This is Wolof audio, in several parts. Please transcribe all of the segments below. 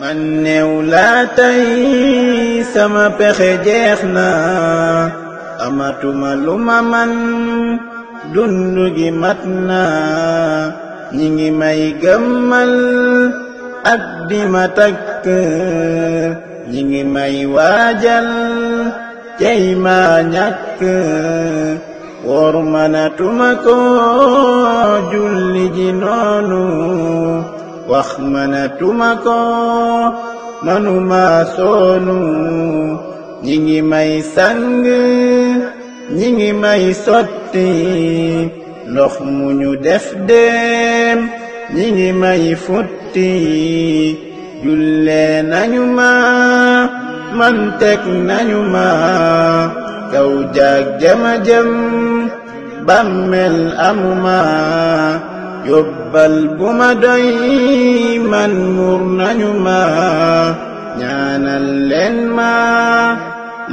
man néew laa sama pexe jeex na amatuma lu man dund gi mat ngi may gëmmal ak di ma takk ñi may waajal cey maa ñàkk wor manatuma ko julli noonu wax mënatuma ko mënuma soonu ñi ngi may sang ñi ngi may sotti ndox mu ñu def dem ñi ngi may futti jullee nañu ma man teg nañu ma kaw jaag jama jëm bàmmel jubbal bu ma doy man muur nañu ma ñaanal leen ma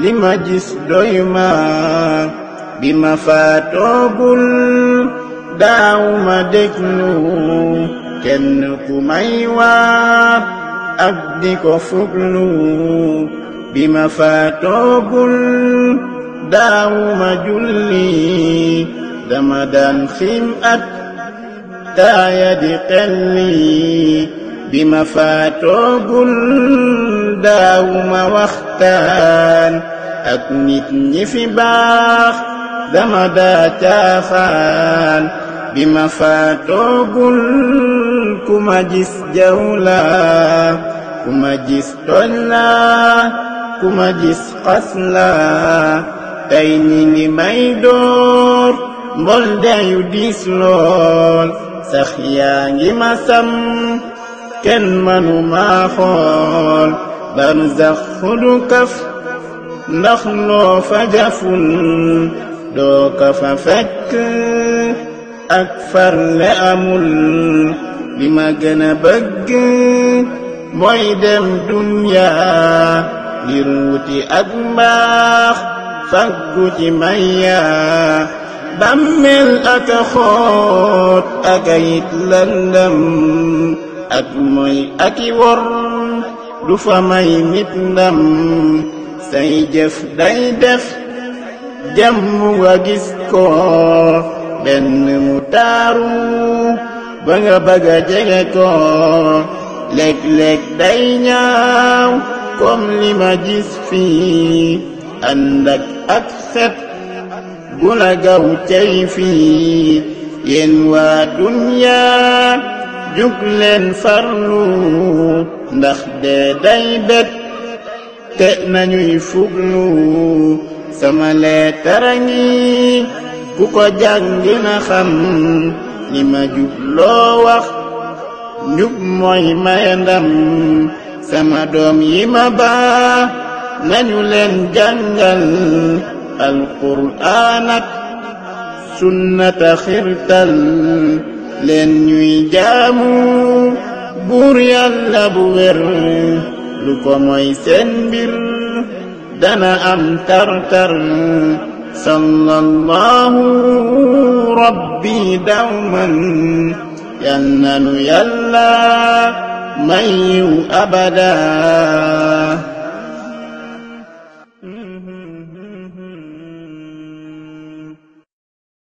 li ma gis doy ma may waar ak ko fuglu bi ma faatoogul daaw julli dama xim at ataaya di xel bi ma faatoogul daawu ma waxtaan ak nit ñi fi baax dama daa caafaan bi ma faatoogul ku ma gis ku ma gis tooñ ku ma gis xas laa ngi may door mbol dayu diis lool tax yaa ngi ma sam kenn mënu maa xool barzax xudu kaf ndax loo fa jaful doo ka fa fekk ak farle amul li ma gën a bëgg mooy dem dunya ngir wuti ak mbaax faggu ci maya bammel ak xool kayit lëndëm ak mooy ak du fa may nit ndam say jëf day def jàmm nga gis ko benn mu taaru ba nga bëgg a jege ko léeg-léeg day ñaaw comme li ma gis fii ak set bu gaw cey fii yéen waa duniyaa jug farlu ndax dee day te nañuy fuglu sama leetara ku ko jàng dina xam li ma jub loo wax njub mooy maye sama doom yi ma baa nañu leen jàngal alquraan ak sunnata xirtal leen ñuy jaamu buur yàlla bu wér lu ko mooy seen mbir dana am tartar sallallahu rabbi dawman yal na nu yàlla may yiw abada